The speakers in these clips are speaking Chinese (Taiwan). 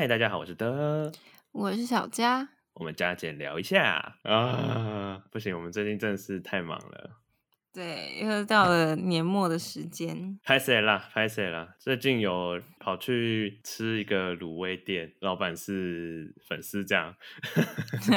嗨，大家好，我是德，我是小佳，我們加減聊一下啊，嗯、不行，我們最近真的是太忙了，對，又到了年末的時間，抱歉啦！抱歉啦！最近有跑去吃一個滷味店，老闆是粉絲，這樣，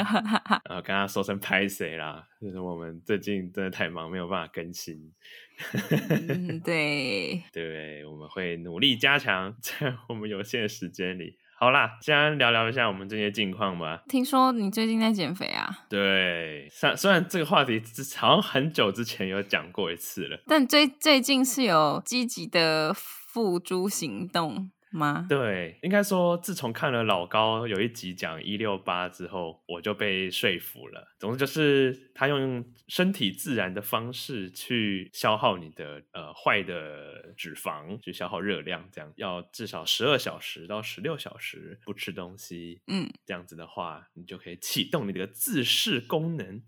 然後跟他說聲抱歉啦，就是我們最近真的太忙，沒有辦法更新， 嗯、對，對，我們會努力加強，在我們有限的時間裡。好啦，先聊聊一下我們這些近況吧。聽說你最近在減肥啊？對，雖雖然這個話題好像很久之前有講過一次了，但最最近是有積極的付諸行動。嗎對，應該說，自從看了老高有一集講一六八之後，我就被說服了。總之就是，他用身體自然的方式去消耗你的呃壞的脂肪，去消耗熱量，這樣要至少十二小時到十六小時不吃東西，嗯，這樣子的話，你就可以啟動你的自噬功能、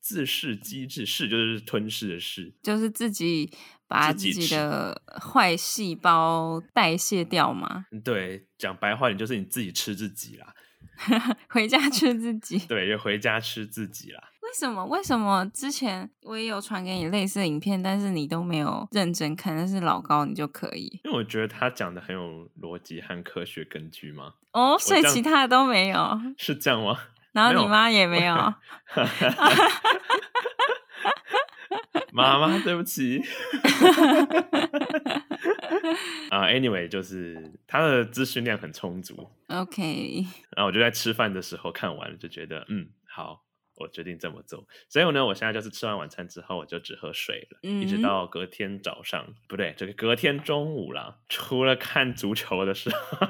自噬機制，噬就是吞噬的噬，就是自己。把自己的壞細胞代謝掉嗎？對，講白話，你就是你自己吃自己啦， 回家吃自己。 對，就回家吃自己啦。為什麼？為什麼之前我也有傳給你類似的影片，但是你都沒有認真看？但是老高你就可以，因為我覺得他講的很有邏輯和科學根據嘛。哦，所以其他的都沒有？是這樣嗎？然後你媽也沒有。 媽媽， 對不起。啊、 uh,，Anyway，就是他的資訊量很充足。OK，然後、uh, 我就在吃飯的時候看完了，就覺得嗯，好。我決定這麼做，所以呢，我現在就是吃完晚餐之後，我就只喝水了，嗯、一直到隔天早上，不對，這個隔天中午了，除了看足球的時候，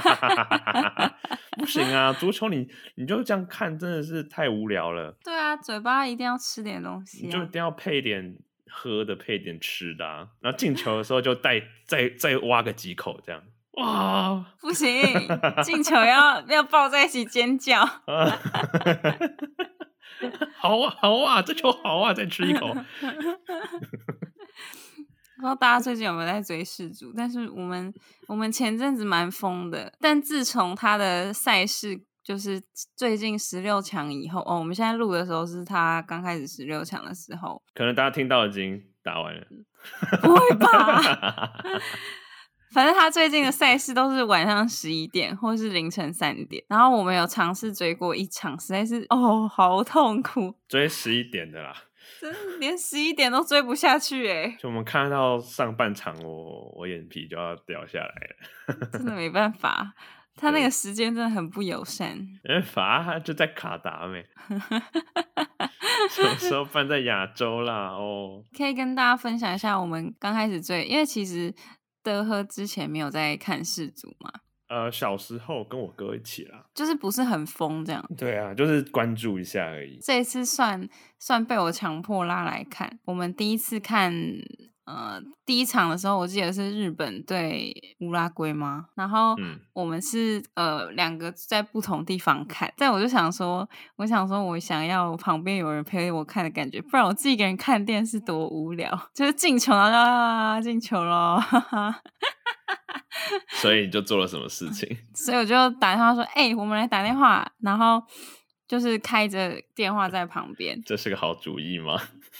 不行啊，足球你你就這樣看真的是太無聊了。對啊，嘴巴一定要吃點東西、啊，你就一定要配一點喝的，配一點吃的、啊，然後進球的時候就再再再挖個幾口這樣。哇，不行，進球要 要抱在一起尖叫。 好啊，好啊，這球好啊，再吃一口。不知道大家最近有沒有在追世足？但是我們我們前陣子蠻瘋的，但自從他的賽事就是最近十六強以後，哦，我們現在錄的時候是他剛開始十六強的時候，可能大家聽到已經打完了。不會吧？ 反正他最近的賽事都是晚上十一點， 或是凌晨三點。然後我們有嘗試追過一場，實在是哦，好痛苦。追十一點的啦，真連十一點都追不下去哎、欸。 就我們看到上半場，我我眼皮就要掉下來了， 真的沒辦法。他那個時間真的很不友善。欸，罰他就在卡達嘛， 什麼時候辦在亞洲啦？哦，可以跟大家分享一下，我們剛開始追，因為其實。德和之前沒有在看世足嗎？呃，小時候跟我哥一起啦，就是不是很瘋這樣。對啊，就是關注一下而已。這一次算算被我強迫拉來看，我們第一次看。呃，第一場的時候，我記得是日本對烏拉圭嘛。然後我們是、嗯、呃兩個在不同地方看，但我就想說，我想說我想要旁邊有人陪我看的感覺，不然我自己一個人看電視多無聊。就是進球然後就啊進球咯哈哈哈哈哈。 所以你就做了什麼事情？所以我就打電話說：“哎、欸，我們來打電話。”然後就是開着電話在旁邊。這是個好主意嗎？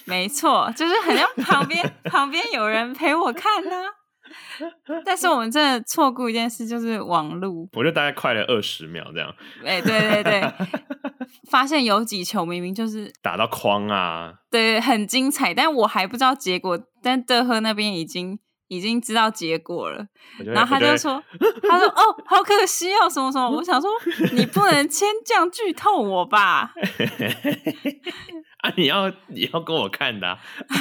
沒錯，就是很像旁邊 旁邊有人陪我看呢、啊。但是我們真的錯過一件事，就是網路，我就大概快了二十秒這樣。哎、欸，對對對， 發現有幾球明明就是打到框啊，對，很精彩，但我還不知道結果，但德赫那邊已經。已經知道結果了，覺然後他就說：“不對 他說 哦，好可惜哦，什麼什麼。”我想說，你不能先這樣劇透我吧？ 啊，你要你要跟我看的、啊。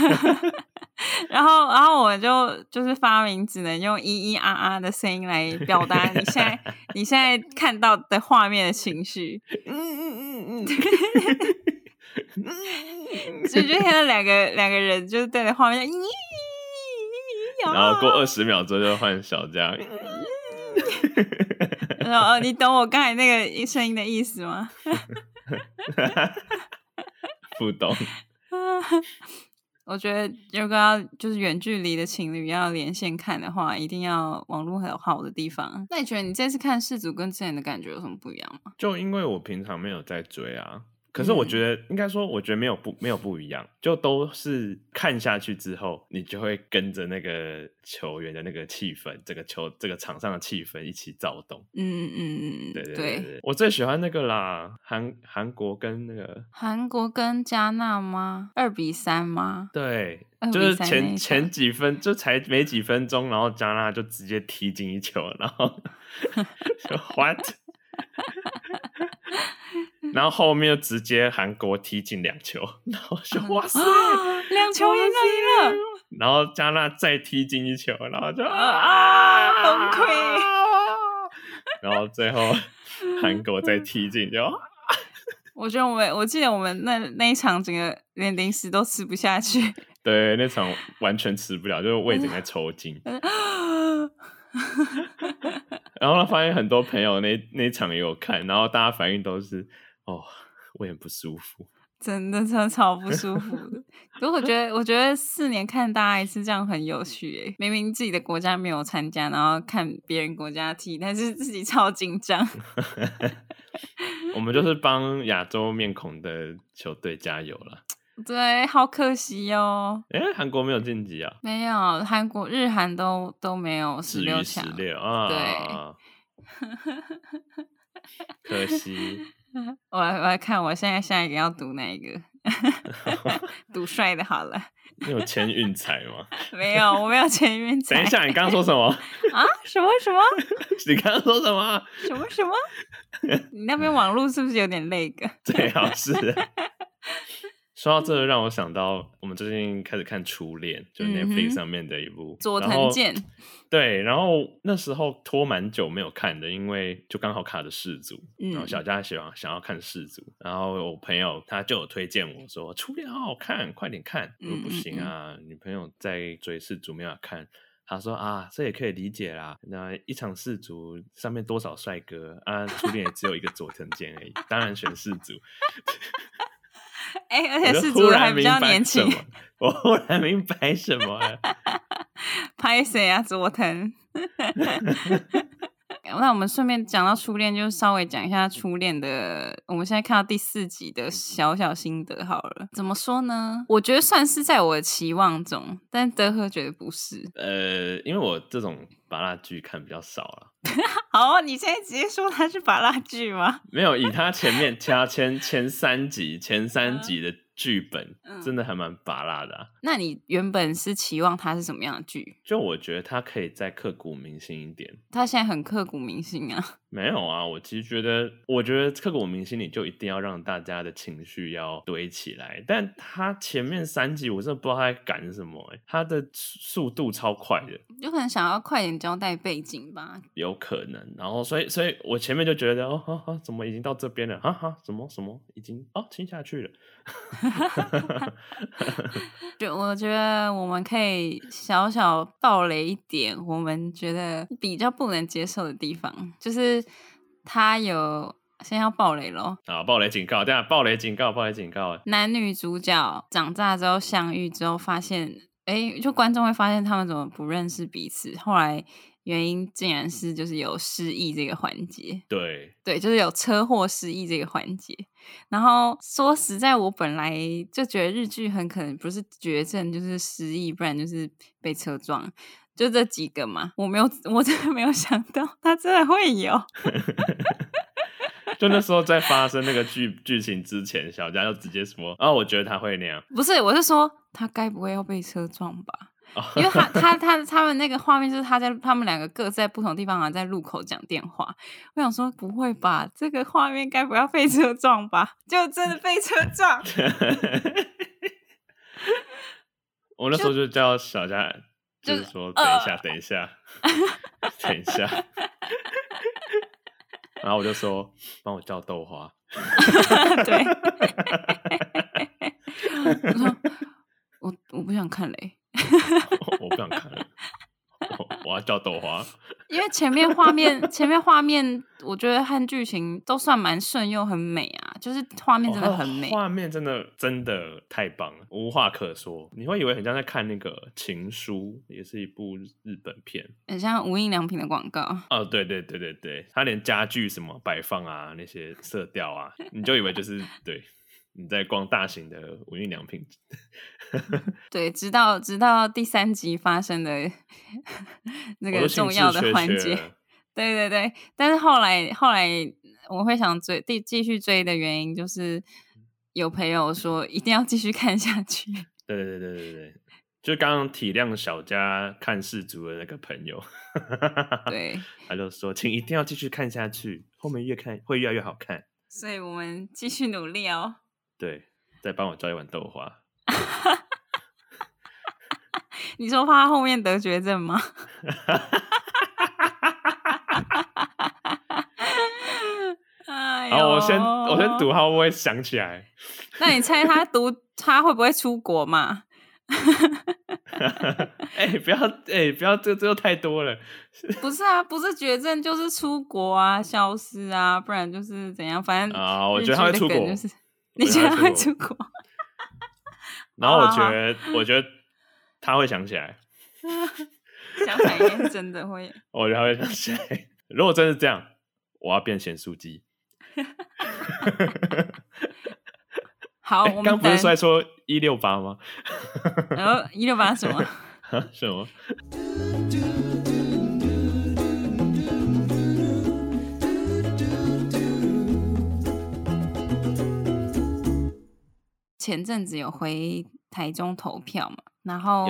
然後，然後我就就是發明只能用咿咿啊啊的聲音來表達你現在 你現在看到的畫面的情緒。嗯嗯嗯嗯。嗯 所以就看到兩個兩 個人就對著畫面就咿，咿。然後過二十秒之後就換小家。哦， 你懂我剛才那個聲音的意思嗎？ 不懂。 我覺得如果要就是遠距離的情侶要連線看的話，一定要網絡很好的地方。那你覺得你這次看四組跟之前的感覺有什麼不一樣嗎？就因為我平常沒有在追啊。可是我覺得、嗯、應該說，我覺得沒有不沒有不一樣，就都是看下去之後，你就會跟着那個球員的那個氣氛，這個球這個場上的氣氛一起躁動。嗯嗯嗯，嗯對，對對對，對我最喜歡那個啦，韓韓國跟那個韓國跟加納嗎？二比三嗎？對，2比3就是前，那個、前幾分就才沒幾分鐘，然後加納就直接踢進一球，然後 就 what？ 然後後面又直接韓國踢進兩球，然後就哇塞，兩、啊、球贏了贏了。了然後加納再踢進一球，然後就啊崩潰。然後最後韓國再踢進、啊，就 我覺得我們我記得我們那那一場整個連零食都吃不下去，對，那場完全吃不了，就是胃整個抽筋。 然後他發現很多朋友那那一場也有看，然後大家反應都是哦，我也不舒服，真的真的超不舒服的。可是 我覺得我覺得四年看大家一次這樣很有趣誒、欸，明明自己的國家沒有參加，然後看別人國家踢，但是自己超緊張。 我們就是幫亞洲面孔的球隊加油了。對，好可惜哦！哎，韓國沒有晉級啊，沒有，韓國、日韓都都沒有十六強。十六啊，對， 可惜。我來我來看，我現在下一個要賭哪一個？ 賭帥的，好了。 你有簽運彩嗎？ 沒有，我沒有簽運彩。等一下，你剛剛說什麼？啊？什麼什麼？ 你剛剛說什麼？什麼什麼？你那邊網絡是不是有點那個？最好是、啊。 說到這，讓我想到我們最近開始看《初戀》，就是 Netflix 上面的一部《佐藤健》。對，然後那時候拖蠻久沒有看的，因為就剛好卡的《世足、嗯》。然後小佳喜歡想要看《世足》，然後我朋友他就有推薦我說《初戀》好好看，快點看。我說不行啊，嗯嗯嗯女朋友在追《世足》沒法看。他說啊，這也可以理解啦，那一場《世足》上面多少帥哥啊，《初戀》也只有一個佐藤健而已， 當然選《世足》。哎、欸，而且是主人，還比較年輕。我後來明白什麼？拍誰呀？佐藤。 那我們順便講到初戀，就稍微講一下初戀的。我們現在看到第四集的小小心得，好了，怎麼說呢？我覺得算是在我的期望中，但德赫覺得不是。呃，因為我這種。麻樂劇看比較少了。 好、啊，你現在直接說它是芭樂劇嗎？ 沒有，以它前面加前前三集前三集的劇本，嗯、真的還蠻芭樂的、啊。那你原本是期望它是什麼樣的劇？就我覺得它可以再刻骨銘心一點。它現在很刻骨銘心啊。沒有啊，我其實覺得，我覺得刻骨銘心裡就一定要讓大家的情緒要堆起來。但他前面三集，我真的不知道他在趕什麼、欸，他的速度超快的，有可能想要快點交代背景吧？有可能。然後，所以，所以我前面就覺得，哦，好、哦，好、哦，怎麼已經到這邊了？哈、啊、好、啊，什麼什麼已經哦，親下去了。哈哈哈哈哈哈！就我覺得我們可以小小暴雷一點，我們覺得比較不能接受的地方，就是。他有，先要暴雷咯。啊，暴雷警告，等下，暴雷警告，暴雷警告。男女主角長大之後相遇之後，發現，哎、欸，就觀眾會發現他們怎麼不認識彼此。後來原因竟然是就是有失憶這個環節，對對，就是有車禍失憶這個環節。然後說實在，我本來就覺得日劇很可能不是絕症，就是失憶，不然就是被車撞。就這幾個嘛，我沒有，我真的沒有想到他真的會有。 就那時候在發生那個劇劇情之前，小佳就直接說：“啊，oh，我覺得他會那樣。”不是，我是說他該不會要被車撞吧？因為他他他他，他們那個畫面就是他在他們兩個各在不同地方啊，在路口講電話。我想說，不會吧？這個畫面該不要被車撞吧？就真的被車撞。 我那時候就叫小佳。就，就是說，等一下，呃、等一下， 等一下，然後我就說，幫我叫豆花。對，我說，我我不想看嘞、欸， 我不想看了，我，我要叫豆花。 因為前面畫面，前面畫面，我覺得和劇情都算蠻順，又很美啊。就是畫面真的很美，畫、哦、面真的真的太棒了，無話可說。你會以為很像在看那個《情書》，也是一部日本片，很像無印良品的廣告。哦，對對對對對，他連家具什麼擺放啊，那些色調啊，你就以為就是 對，你在逛大型的無印良品。 對，直到直到第三集發生的那個重要的環節，確確對對對，但是後來後來。我會想追、繼繼續追的原因，就是有朋友說一定要繼續看下去。對對對對對，就是剛剛體諒小家看世族的那個朋友，對， 他就說請一定要繼續看下去，後面越看會越來越好看。所以我們繼續努力哦。對，再幫我抓一碗豆花。 你說怕他後面得絕症嗎？ 啊！我先、哎、呦我先讀，他會不會想起來？那你猜他讀他會不會出國嘛？哎、 欸，不要哎、欸，不要這這太多了。不是啊，不是絕症就是出國啊，消失啊，不然就是怎樣？反正、就是、啊，我覺得他會出國，你覺得他會出國？ 出國然後我覺得好好好，我覺得他會想起來。想起來真的會？我覺得他會想起來。 如果真是這樣，我要變鹹酥雞。 好，欸、我們剛不是說說一六八嗎？然後一六八是什麼？什麼？前陣子有回台中投票嘛，然後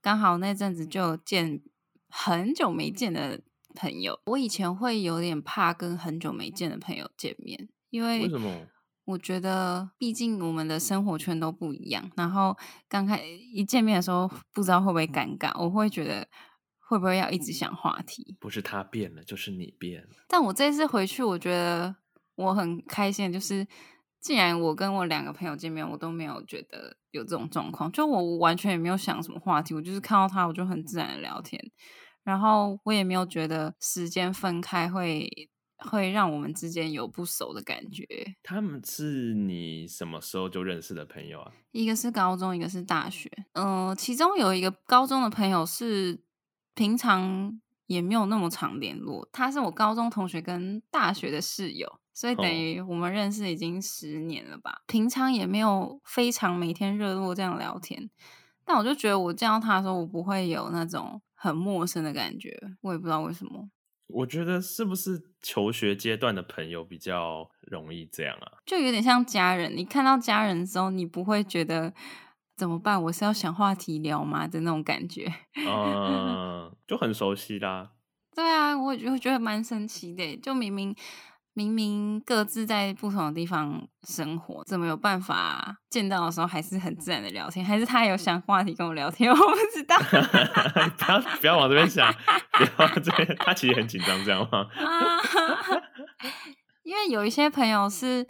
剛好那陣子就見很久沒見的。朋友，我以前會有點怕跟很久沒見的朋友見面，因為為什麼？我覺得畢竟我們的生活圈都不一樣，然後剛開一見面的時候，不知道會不會尷尬，嗯，我會覺得會不會要一直想話題？不是他變了，就是你變了。但我這次回去，我覺得我很開心，就是既然我跟我兩個朋友見面，我都沒有覺得有這種狀況，就我完全也沒有想什麼話題，我就是看到他，我就很自然的聊天。然後我也沒有覺得時間分開會會讓我們之間有不熟的感覺。他們是你什麼時候就認識的朋友啊？一個是高中，一個是大學。嗯、呃，其中有一個高中的朋友是平常也沒有那麼常聯絡。他是我高中同學跟大學的室友，所以等於我們認識已經十年了吧。哦、平常也沒有非常每天熱絡這樣聊天，但我就覺得我見到他的時候，我不會有那種。很陌生的感覺，我也不知道為什麼。我覺得是不是求學階段的朋友比較容易這樣啊？就有點像家人，你看到家人之後，你不會覺得怎麼辦？我是要想話題聊嗎的那種感覺？啊、嗯， 就很熟悉啦。對啊，我覺我覺得蠻神奇的，就明明。明明各自在不同的地方生活，怎麼有辦法見到的時候還是很自然的聊天？還是他有想話題跟我聊天？我不知道，不要不要往這邊想，不要這邊。他其實很緊張，這樣嗎、啊？因為有一些朋友是，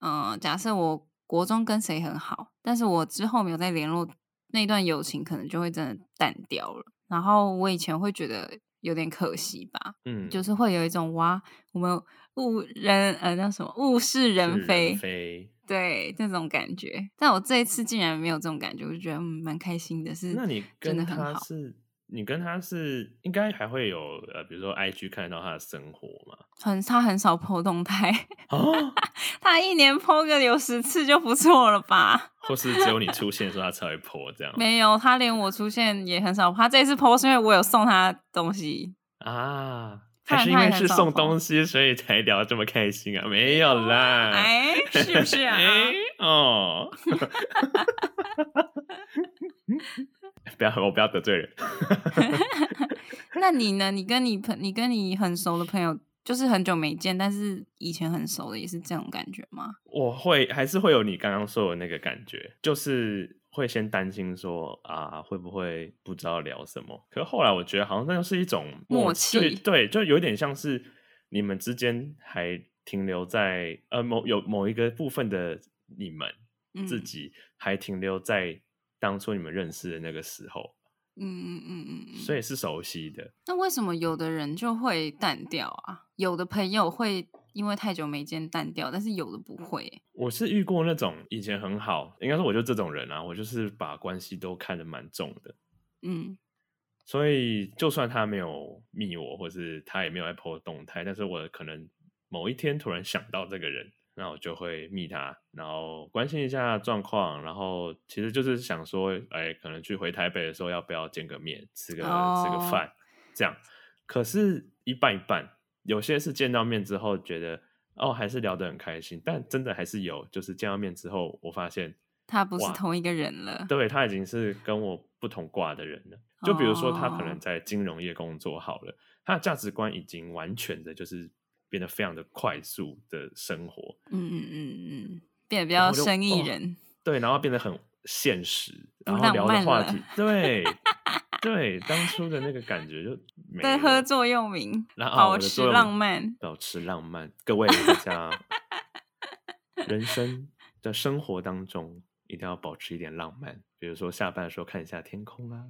嗯、呃，假設我國中跟誰很好，但是我之後沒有再聯絡，那段友情可能就會真的淡掉了。然後我以前會覺得有點可惜吧，嗯，就是會有一種哇，我們。物人呃，那叫什麼？物是人非，人非，對，這種感覺。但我這一次竟然沒有這種感覺，我就覺得，嗯，蠻開心的。是，真的很好。那你跟他是你跟他是應該還會有呃，比如說 IG 看到他的生活嘛？很他很少 po 動態哦， 他一年 po 個有十次就不錯了吧？ 或是只有你出現的時候他才會 po 這樣？ 沒有，他連我出現也很少，他這一次 po 是因為我有送他東西啊。還是因為是送東西，所以才聊這麼開心啊？沒有啦，欸、是不是啊？欸、哦， 不要，我不要得罪人。 那你呢？你跟你朋，你跟你很熟的朋友，就是很久沒見，但是以前很熟的，也是這種感覺嗎？我會還是會有你剛剛說的那個感覺，就是。會先擔心說啊會不會不知道聊什麼？可是後來我覺得好像那又是一種默契，默契，對，就有點像是你們之間還停留在呃某有某一個部分的你們、嗯、自己還停留在當初你們認識的那個時候，嗯嗯嗯嗯，嗯所以是熟悉的。那為什麼有的人就會淡掉啊？有的朋友會。因為太久沒見淡掉，但是有的不會，欸。我是遇過那種以前很好，應該說我就這種人啊，我就是把關係都看得蠻重的。嗯，所以就算他沒有密我，或者是他也沒有在 po 動態，但是我可能某一天突然想到這個人，那我就會密他，然後關心一下狀況，然後其實就是想說，哎、欸，可能去回台北的時候要不要見個面，吃個、哦、吃個飯這樣。可是，一半一半。有些是見到面之後覺得哦，還是聊得很開心，但真的還是有，就是見到面之後，我發現他不是同一個人了。對，他已經是跟我不同掛的人了。就比如說，他可能在金融業工作好了，哦、他的價值觀已經完全的，就是變得非常的快速的生活。嗯嗯嗯嗯，變得比較生意人。對，然後變得很現實，然後聊的話題了，對。 對，當初的那個感覺就沒對喝座右銘，然後保持浪漫，保持浪漫。各位大 家，人生的、生活當中一定要保持一點浪漫。比如說下班的時候看一下天空啊，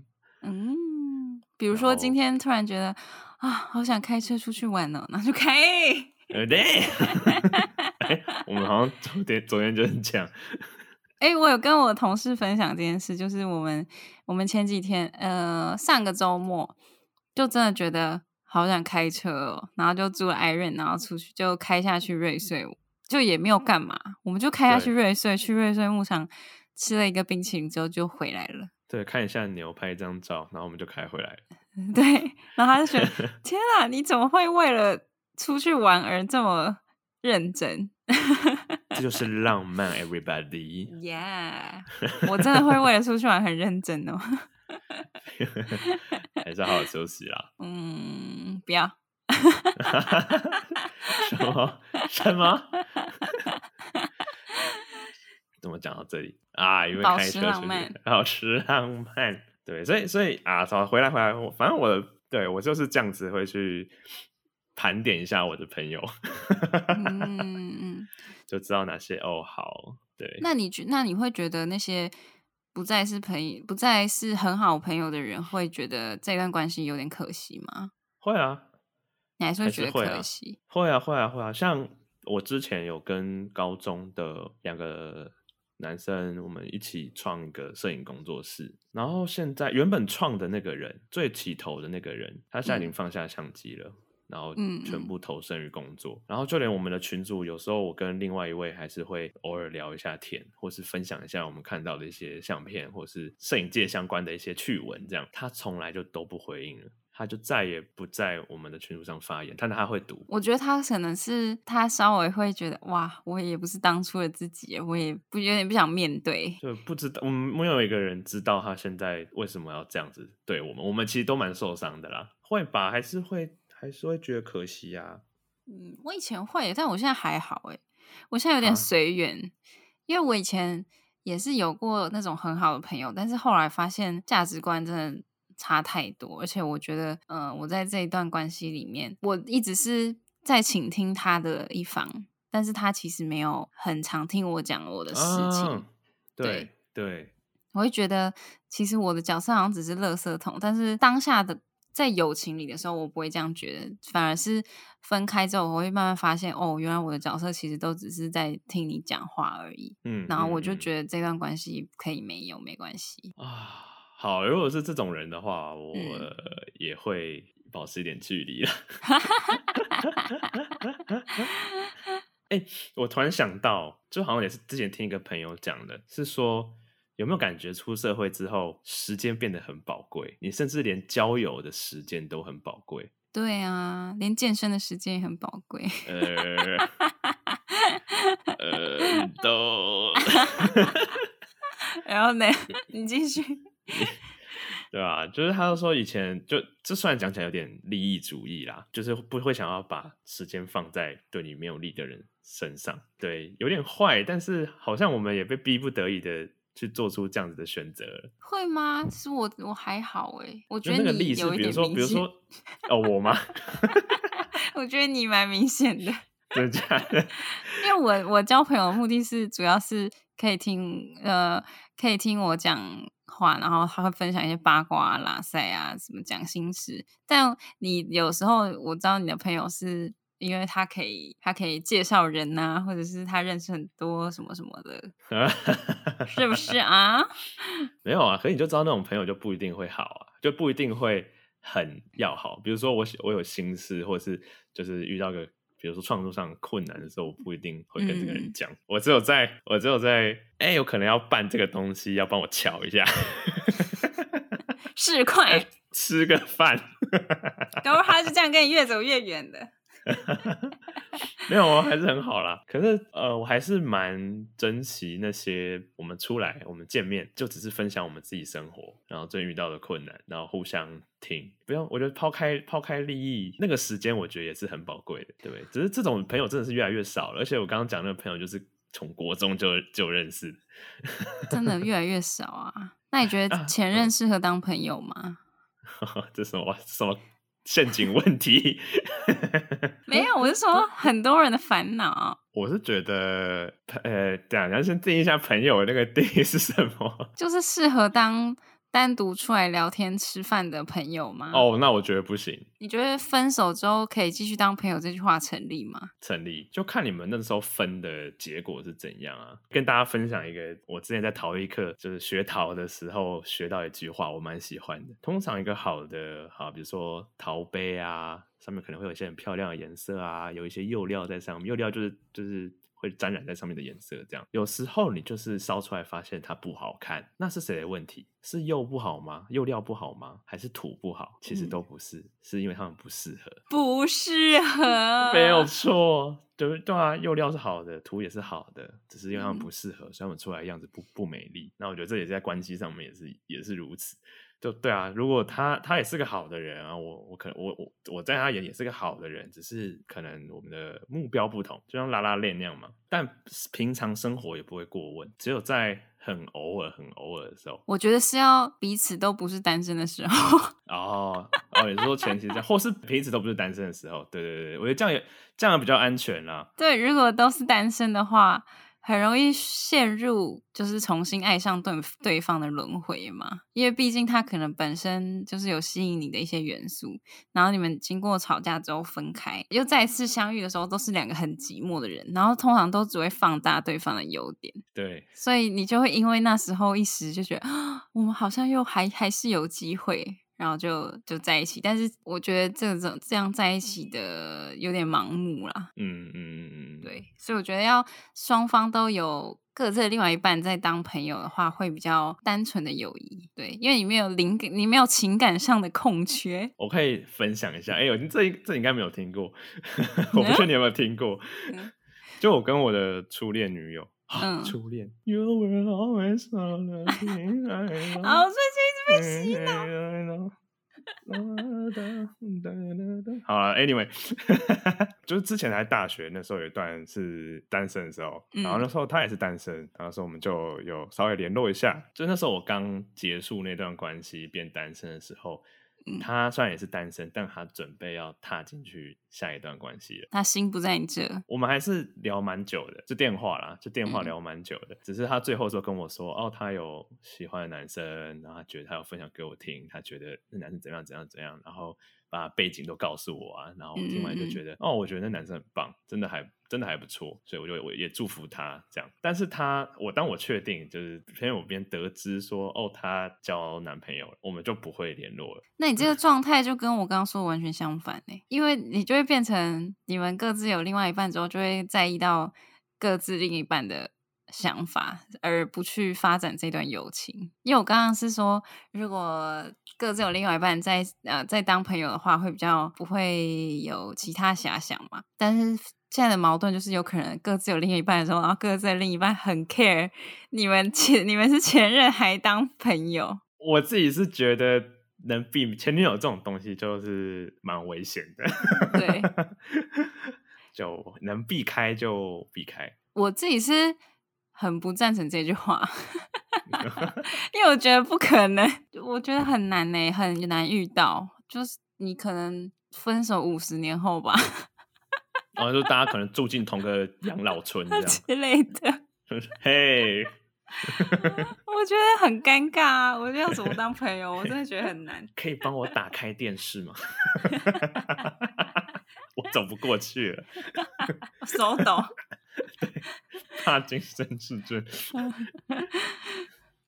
嗯，比如說今天突然覺得然後啊，好想開車出去玩呢，那就開。 對，不對、 哎，我們好像昨天昨天就是這樣。哎、欸，我有跟我的同事分享這件事，就是我們我們前幾天，呃，上個周末就真的覺得好想開車，喔，哦，然後就租了 iRent，然後出去就開下去瑞穗，就也沒有幹嘛，我們就開下去瑞穗，對去瑞穗牧場吃了一個冰淇淋之後就回來了。對，看一下牛，拍一張照，然後我們就開回來了。對，然後他就覺得：“ 天啊，你怎麼會為了出去玩而這麼認真？” 這就是浪漫，everybody。耶，yeah, 我真的會為了出去玩很認真哦。 還是好好休息啦。嗯，不要。什 麼 什麼？什麼 怎麼講到這裡啊？因為開車出去，保持浪，浪漫。對，所以所以啊，早回來回來，我反正我對，我就是這樣子會去。盤點一下我的朋友、 嗯，哈哈，就知道哪些哦。好，對。那你覺那你會覺得那些不再是朋友、不再是很好朋友的人，會覺得這段關係有點可惜嗎？會啊，你還是會覺得可惜。會啊，會啊，會啊，會啊。像我之前有跟高中的兩個男生，我們一起創一個攝影工作室，然後現在原本創的那個人，最起頭的那個人，他現在已經放下相機了。嗯然後，嗯，全部投身於工作。嗯嗯、然後，就連我們的群主，有時候我跟另外一位還是會偶爾聊一下天，或是分享一下我們看到的一些相片，或是攝影界相關的一些趣聞。這樣，他從來就都不回應了，他就再也不在我們的群組上發言。但他會讀。我覺得他可能是他稍微會覺得，哇，我也不是當初的自己，我也不有點不想面對。就不知道，我們沒有一個人知道他現在為什麼要這樣子對我們。我們其實都蠻受傷的啦，會吧？還是會。還是會覺得可惜呀、啊。嗯，我以前會，但我現在還好誒，我現在有點隨緣，啊、因為我以前也是有過那種很好的朋友，但是後來發現價值觀真的差太多。而且我覺得，嗯、呃，我在這一段關係裡面，我一直是在傾聽他的一方，但是他其實沒有很常聽我講我的事情。對、啊、對，對我會覺得其實我的角色好像只是垃圾桶，但是當下的。在友情裡的時候，我不會這樣覺得，反而是分開之後，我會慢慢發現，哦，原來我的角色其實都只是在聽你講話而已。嗯，然後我就覺得這段關係可以沒有，嗯、沒關係啊。好，如果是這種人的話，我、嗯、也會保持一點距離、 欸、我突然想到，就好像也是之前聽一個朋友講的，是說。有沒有感覺出社會之後，時間變得很寶貴？你甚至連交友的時間都很寶貴。對啊，連健身的時間也很寶貴。呃，都。 然後呢？你繼續。 對啊，就是他說以前就這，雖然講起來有點利益主義啦，就是不會想要把時間放在對你沒有利的人身上。對，有點壞，但是好像我們也被逼不得已的。去做出這樣子的選擇，會嗎？是我我還好哎、欸，我覺得你有一點明，比如說，比如說哦，我嗎？ 我覺得你蠻明顯的，真的假的？因為我我交朋友的目的是主要是可以聽，呃，可以聽我講話，然後他會分享一些八卦、啊、拉塞啊，什麼講心事。但你有時候我知道你的朋友是。因為他可以，他可以介紹人吶、啊，或者是他認識很多什麼什麼的， 是不是啊？沒有啊，可你就知道那種朋友就不一定會好啊，就不一定會很要好。比如說我，我有心事，或者是就是遇到個，比如說創作上困難的時候，我不一定會跟這個人講，嗯、我只有在，我只有在，哎、欸，有可能要辦這個東西，要幫我喬一下，試 塊快、欸，吃個飯， 搞不好他是這樣跟你越走越遠的。 沒有啊，我還是很好啦。可是，呃，我還是蠻珍惜那些我們出來，我們見面，就只是分享我們自己生活，然後最近遇到的困難，然後互相聽。不用，我覺得拋開拋開利益，那個時間我覺得也是很寶貴的，對不對？只是這種朋友真的是越來越少了，而且我剛剛講那個朋友，就是從國中就就認識的， 真的越來越少啊。那你覺得前任適合當朋友嗎？ 這是什麼？是什麼？陷阱問題， 沒有，我是說很多人的煩惱。 我是覺得，呃，兩人先定一下朋友那個定義是什麼，就是適合當。單獨出來聊天、吃飯的朋友嗎？哦，oh, 那我覺得不行。你覺得分手之後可以繼續當朋友這句話成立嗎？成立，就看你們那時候分的結果是怎樣啊。跟大家分享一個，我之前在陶藝課就是學陶的時候學到一句話，我蠻喜歡的。通常一個好的，好，比如說陶杯啊，上面可能會有一些很漂亮的顏色啊，有一些釉料在上面。釉料就是就是。會沾染在上面的顏色，這樣有時候你就是燒出來發現它不好看，那是誰的問題？是釉不好嗎？釉料不好嗎？還是土不好？其實都不是，嗯、是因為它們不適合。不適合，沒有錯，對對啊，釉料是好的，土也是好的，只是因為它們不適合，嗯、所以我們出來的樣子不不美麗。那我覺得這也是在關係上面也是也是如此。就對啊，如果他他也是個好的人啊，我我可能我我我在他眼裡也是個好的人，只是可能我們的目標不同，就像拉拉鏈那樣嘛。但平常生活也不會過問，只有在很偶爾、很偶爾的時候，我覺得是要彼此都不是單身的時候。 哦哦，也是說前提這樣， 或是彼此都不是單身的時候？對對對，我覺得這樣也這樣也比較安全啦、啊。對，如果都是單身的話。很容易陷入，就是重新愛上對對方的輪迴嘛，因為畢竟他可能本身就是有吸引你的一些元素，然後你們經過吵架之後分開，又再次相遇的時候都是兩個很寂寞的人，然後通常都只會放大對方的優點，對，所以你就會因為那時候一時就覺得，啊，我們好像又還還是有機會。然後就就在一起，但是我覺得這種這樣在一起的有點盲目啦。嗯嗯嗯，對，所以我覺得要雙方都有各自的另外一半在當朋友的話，會比較單純的友誼。對，因為你沒有靈你沒有情感上的空缺。我可以分享一下，哎、欸、呦，你這這應該沒有聽過， 我不確定你有沒有聽過。嗯、 就我跟我的初戀女友。哦、初戀。好啦，最好 a n y、anyway, w a y 就是之前在大學那時候有一段是單身的時候， 然後那時候他也是單身，然後那時候我們就有稍微聯絡一下。就那時候我剛結束那段關係變單身的時候。他雖然也是單身，但他準備要踏進去下一段關係了。他心不在你這兒，我們還是聊蠻久的，就電話啦，就電話聊蠻久的。嗯、只是他最後說跟我說，哦，他有喜歡的男生，然後他覺得他有分享給我聽，他覺得那男生怎樣怎樣怎樣，然後把背景都告訴我啊，然後我聽完就覺得，嗯嗯嗯哦，我覺得那男生很棒，真的還。真的還不錯，所以我就我也祝福他這樣。但是他我當我確定，就是朋我邊得知說，哦，他交男朋友，我們就不會聯絡了。那你這個狀態就跟我剛剛說的完全相反呢？欸。嗯、因為你就會變成你們各自有另外一半之後，就會在意到各自另一半的想法，而不去發展這段友情。因為我剛剛是說，如果各自有另外一半在呃在當朋友的話，會比較不會有其他遐想嘛。但是。現在的矛盾就是有可能各自有另一半的時候，然後各自的另一半很 care 你們前你們是前任還當朋友。我自己是覺得能避前女友這種東西就是蠻危險的。對， 就能避開就避開。我自己是很不贊成這句話， 因為我覺得不可能，我覺得很難耶，很難遇到。就是你可能分手五十年後吧。然後、哦、就大家可能住進同個養老村之類的。嘿 Hey， 我覺得很尷尬啊！我要怎麼當朋友？我真的覺得很難。可以幫我打開電視嗎？ 我走不過去了。手 抖。 對，帕金森氏症。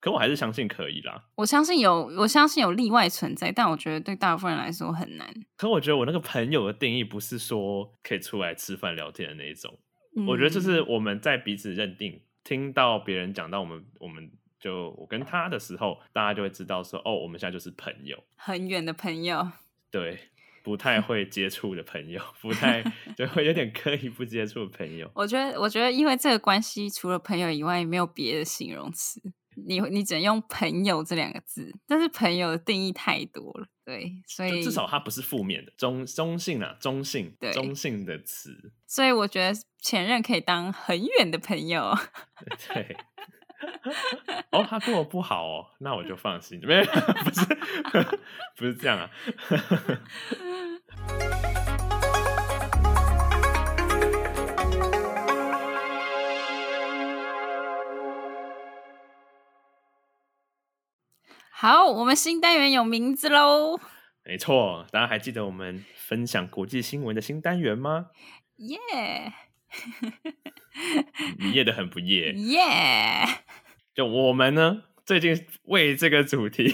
可我還是相信可以啦。我相信有，我相信有例外存在，但我覺得對大部分人來說很難。可我覺得我那個朋友的定義不是說可以出來吃飯聊天的那一種。嗯，我覺得就是我們在彼此認定，聽到別人講到我們，我們就我跟他的時候，大家就會知道說，哦，我們現在就是朋友，很遠的朋友，對，不太會接觸的朋友， 不太就會有點刻意不接觸的朋友。 我覺得，我覺得因為這個關係，除了朋友以外，也沒有別的形容詞。你你只能用“朋友”這兩個字，但是“朋友”的定義太多了，對，所以至少他不是負面的，中中性啊，中性，對，中性的詞。所以我覺得前任可以當很遠的朋友，對。對 哦，他對我不好哦，那我就放心， 沒不是 不是這樣啊。 好，我們新單元有名字嘍！沒錯，大家還記得我們分享國際新聞的新單元嗎？耶 Yeah！你耶的很不耶！耶 Yeah！就我們呢，最近為這個主題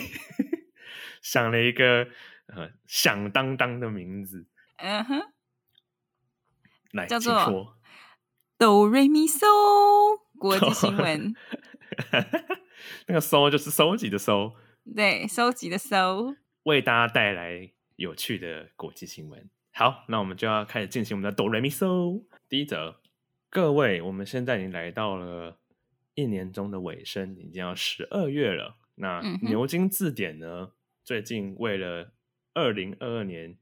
想了一個呃響噹噹的名字，嗯哼、uh，huh、來叫做哆瑞咪嗦國際新聞。 那個嗦就是收集的收。對，收集的收，為大家帶來有趣的國際新聞。好，那我們就要開始進行我們的哆來咪嗦。第一則，各位，我們現在已經來到了一年中的尾聲，已經要十二月了。那牛津字典呢，嗯、哼最近為了二零二二年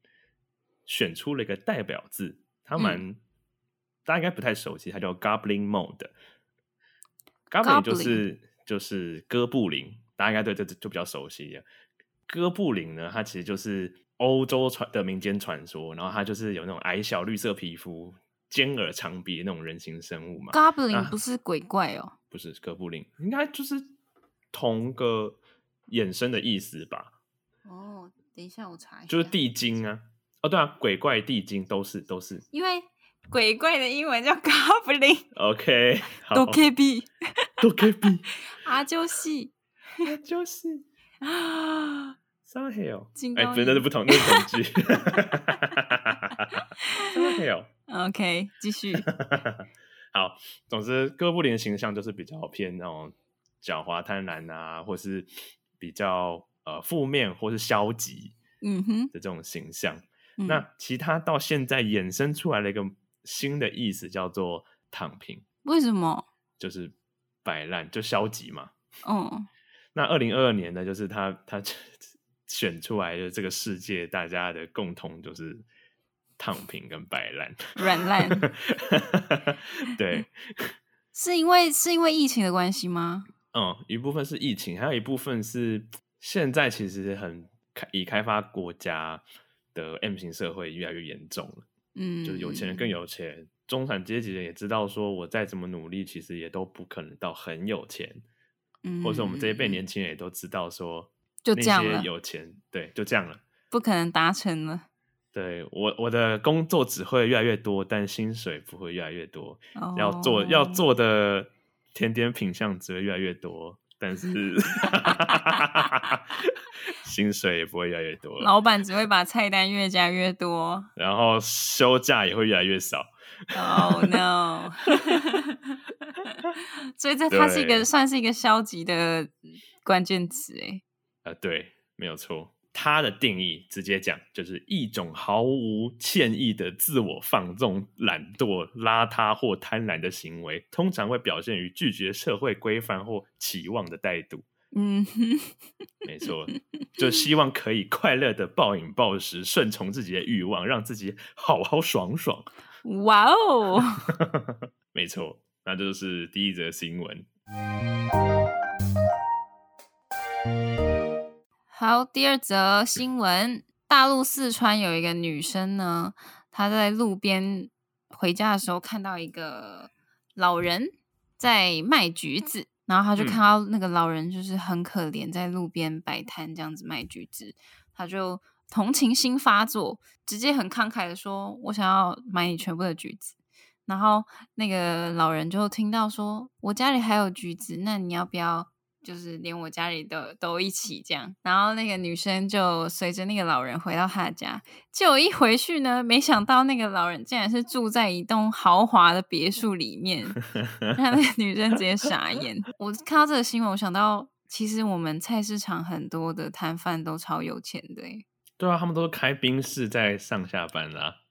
選出了一個代表字，他們、嗯、大家應該不太熟悉，它叫 Goblin Mode。Goblin 就是 Gob lin 就是哥布林。大家應該對這就比較熟悉了。哥布林呢，它其實就是歐洲傳的民間傳說，然後它就是有那種矮小、綠色皮膚、尖耳、長鼻那種人形生物嘛。哥布林不是鬼怪哦，不是哥布林，應該就是同個衍生的意思吧？哦，等一下我查一下，就是地精啊。哦，對啊，鬼怪地精都是都是，都是因為鬼怪的英文叫哥布林。OK，都 KB，都 KB，啊，就是。就是啊，傷害哦，哎，真的是不同，都是恐懼。傷害哦，OK，繼續。好，總之哥布林形象就是比較偏那種狡猾、貪婪啊，或是比較呃負面，或是消極，嗯哼的這種形象。那其他到現在衍生出來了一個新的意思，叫做躺平。為什麼？就是擺爛，就消極嘛。嗯。那二零二二年呢，就是他他選出來的這個世界大家的共同就是躺平跟擺爛，軟爛，對。是因為是因為疫情的關係嗎？嗯，一部分是疫情，還有一部分是現在其實很開已開發國家的 M 型社會越來越嚴重了。嗯，就是有錢人更有錢，中產階級人也知道說我再怎麼努力，其實也都不可能到很有錢。或者是我們這一輩年輕人也都知道，說這些有錢，對，就這樣了，不可能達成了。對我我的工作只會越來越多，但薪水不會越來越多。哦、要做要做的甜點品項只會越來越多，但是、嗯、 薪水也不會越來越多。老闆只會把菜單越加越多，然後休假也會越來越少。Oh no！ 所以，這它是一個對算是一個消極的關鍵詞，哎、呃，對，沒有錯。它的定義直接講，就是一種毫無歉意的自我放縱、懶惰、邋遢或貪婪的行為，通常會表現於拒絕社會規範或期望的態度。嗯， 沒錯，就希望可以快樂地暴飲暴食，順從自己的欲望，讓自己好好爽爽。哇哦 Wow， 沒錯。那就是第一則新聞。好，第二則新聞，大陸四川有一個女生呢，她在路邊回家的時候，看到一個老人在賣橘子，然後她就看到那個老人就是很可憐，在路邊擺攤這樣子賣橘子，她就同情心發作，直接很慷慨的說：“我想要買你全部的橘子。”然後那個老人就聽到說：“我家裡還有橘子，那你要不要？就是連我家裡都都一起這樣。”然後那個女生就隨着那個老人回到他的家。結果一回去呢，沒想到那個老人竟然是住在一棟豪華的別墅裡面， 讓那個女生直接傻眼。我看到這個新聞，我想到其實我們菜市場很多的攤販都超有錢的、欸，對對啊，他們都是開賓士在上下班啦、啊。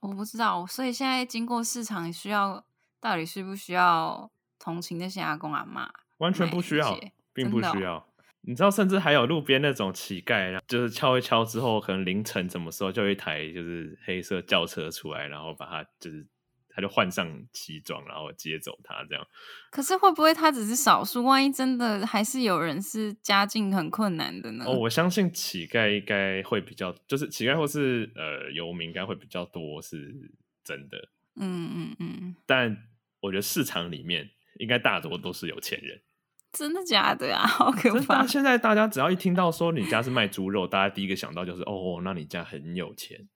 我不知道，所以現在經過市場也需要，到底需不需要同情那些阿公阿媽？完全不需要，謝謝，並不需要。的你知道，甚至還有路邊那種乞丐，就是敲一敲之後，可能凌晨什麼時候就一台就是黑色轎車出來，然後把它就是。他就換上西裝，然後接走他這樣。可是會不會他只是少數？萬一真的還是有人是家境很困難的呢？哦，我相信乞丐應該會比較，就是乞丐或是呃游民應該會比較多，是真的。嗯嗯嗯。嗯嗯，但我覺得市場裡面應該大多都是有錢人。真的假的啊？好可怕！但現在大家只要一聽到說你家是賣豬肉， 大家第一個想到就是哦，那你家很有錢。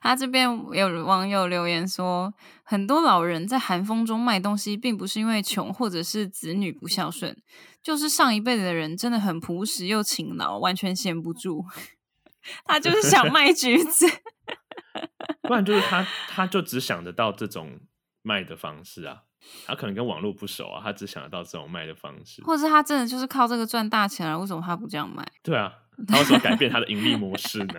他這邊有網友留言說，很多老人在寒風中賣東西，並不是因為窮，或者是子女不孝順，就是上一輩子的人真的很樸實又勤勞，完全閒不住。 他就是想賣橘子，不然就是他，他就只想得到這種賣的方式啊。他可能跟網絡不熟啊，他只想得到這種賣的方式，或者是他真的就是靠這個賺大錢了啊？為什麼他不這樣賣？對啊。他怎麼改變他的盈利模式呢？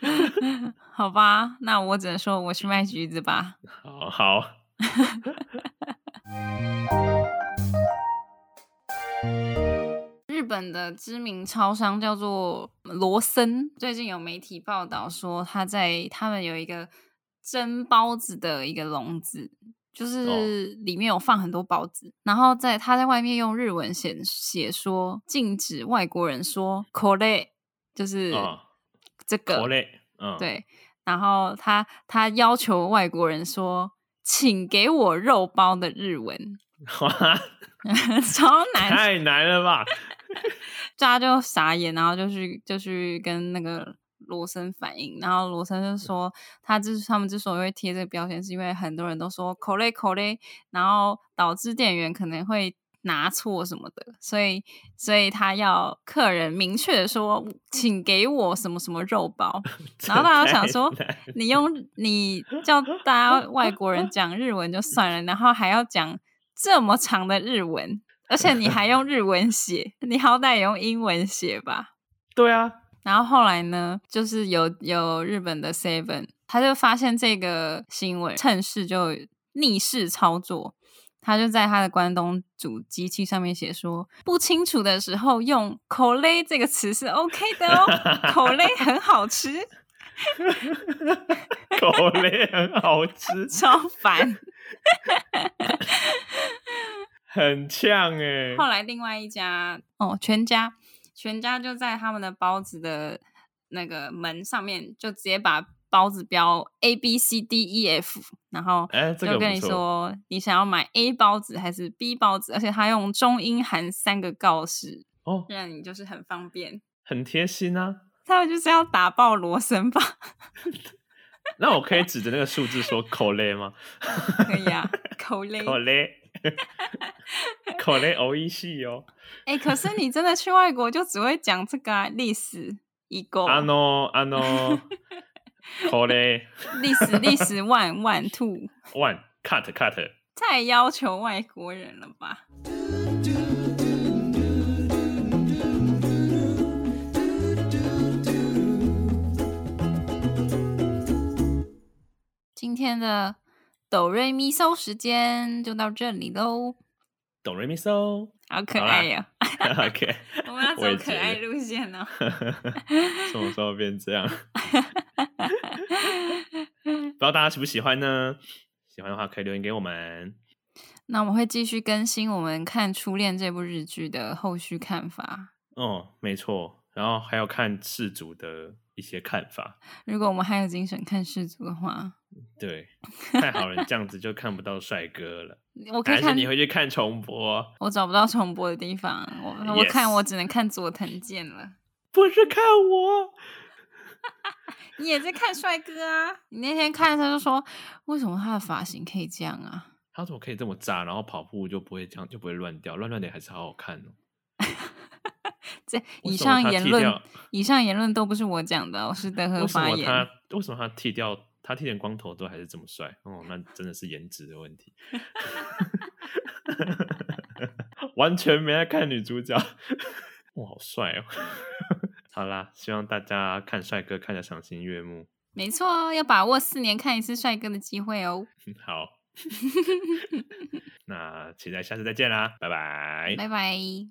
好吧，那我只能說我去賣橘子吧。好，好 日本的知名超商叫做羅森，最近有媒體報道說，他在他們有一個蒸包子的一個籠子，就是裡面有放很多包子，哦、然後在他在外面用日文寫寫說，禁止外國人說これ。就是這個、嗯、對，然後他他要求外國人說，請給我肉包的日文，哇， 超難，太難了吧！大家 就，就傻眼，然後就去就去跟那個羅森反映，然後羅森就說，他就是他們之所以會貼這個標籤，是因為很多人都說これ、これ，然後導致店員可能會。拿錯什麼的，所以所以他要客人明確地說，請給我什麼什麼肉包。然後大家想說，你用你叫大家外國人講日文就算了， 然後還要講這麼長的日文，而且你還用日文寫， 你好歹也用英文寫吧。對啊，然後後來呢，就是有有日本的 Seven，他就發現這個新聞，趁勢就逆勢操作。他就在他的關東煮機器上面寫說，不清楚的時候用口雷這個詞是 OK 的哦， 口雷很好吃， 口雷很好吃，超煩煩， 很嗆哎、欸。後來另外一家哦，全家全家就在他們的包子的那個門上面，就直接把。包子標 A B C D E F，然後哎，我跟你說，你想要買 A 包子還是 B 包子，而且他用中英韓三個告示哦，讓你就是很方便，很貼心啊！他們就是要打爆羅森吧？ 那我可以指着那個數字說口累嗎？ 可以啊，口累，口累，口累 O E C 哦。哎、欸，可是你真的去外國就只會講這個歷、啊、史、一鈎？啊喏，好嘞！歷こ 史歷史 One One Two，One cut cut，太要求外國人了吧？ 今天的哆瑞咪嗦時間就到這裡嘍，哆瑞咪嗦。好可愛喲、哦啦！好可愛，我們要走可愛路線哦。 什麼時候變這樣？ 不知道大家喜不喜歡呢？喜歡的話可以留言給我們。那我們會繼續更新我們看《初戀》這部日劇的後續看法。哦，沒錯，然後還有看《世族》的一些看法。如果我們還有精神看《世族》的話。對，太好了，這樣子就看不到帥哥了。我可以 看你回去看重播，我找不到重播的地方。我 Yes. 我看我只能看佐藤健了。不是看我， 你也在看帥哥啊？你那天看他就說，為什麼他的髮型可以這樣啊？他怎麼可以這麼炸，然後跑步就不會這樣，就不會亂掉，亂亂的還是好好看哦。 這以上言論，以上言論都不是我講的，我是德和發言。他為什麼他剃掉？他剃成光頭都還是這麼帥哦，那真的是顏值的問題， 完全沒在看女主角，哇，好帥哦！ 好啦，希望大家看帥哥看得賞心悅目，沒錯，要把握四年看一次帥哥的機會哦。好， 那期待下次再見啦，拜拜，拜拜。